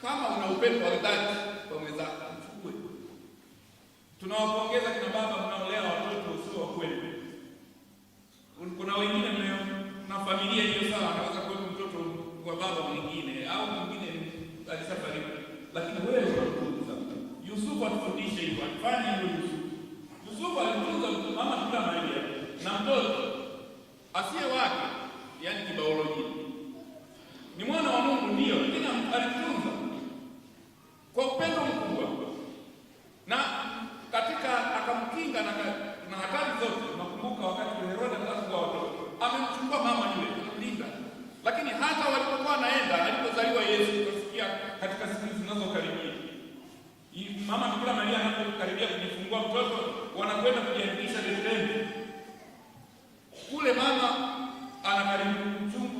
Kama una upendo wa dhati kwa mwenzako, mchukue. Tunawapongeza kina baba mnaolea watoto usio wa kweli. Kuna wengine na familia hiyo, sawa, anaweza kuwepo mtoto wa baba mwingine au mwingine alisafariki, lakini wewe unatunza. Yusufu atufundishe hivyo, atufanye hivyo. Yusufu Yusufu alitunza mama Maria na mtoto asiye wake, yani kibaolojia kujikinga na na hatari zote. Nakumbuka wakati Herode anatafuta watoto, amemchukua mama yule kumlinda, lakini hata walipokuwa naenda, alipozaliwa Yesu, tunasikia katika siku zinazokaribia mama Bikira Maria anapokaribia kujifungua mtoto, wanakwenda kujiandikisha Bethlehem kule, mama anakaribia mchungu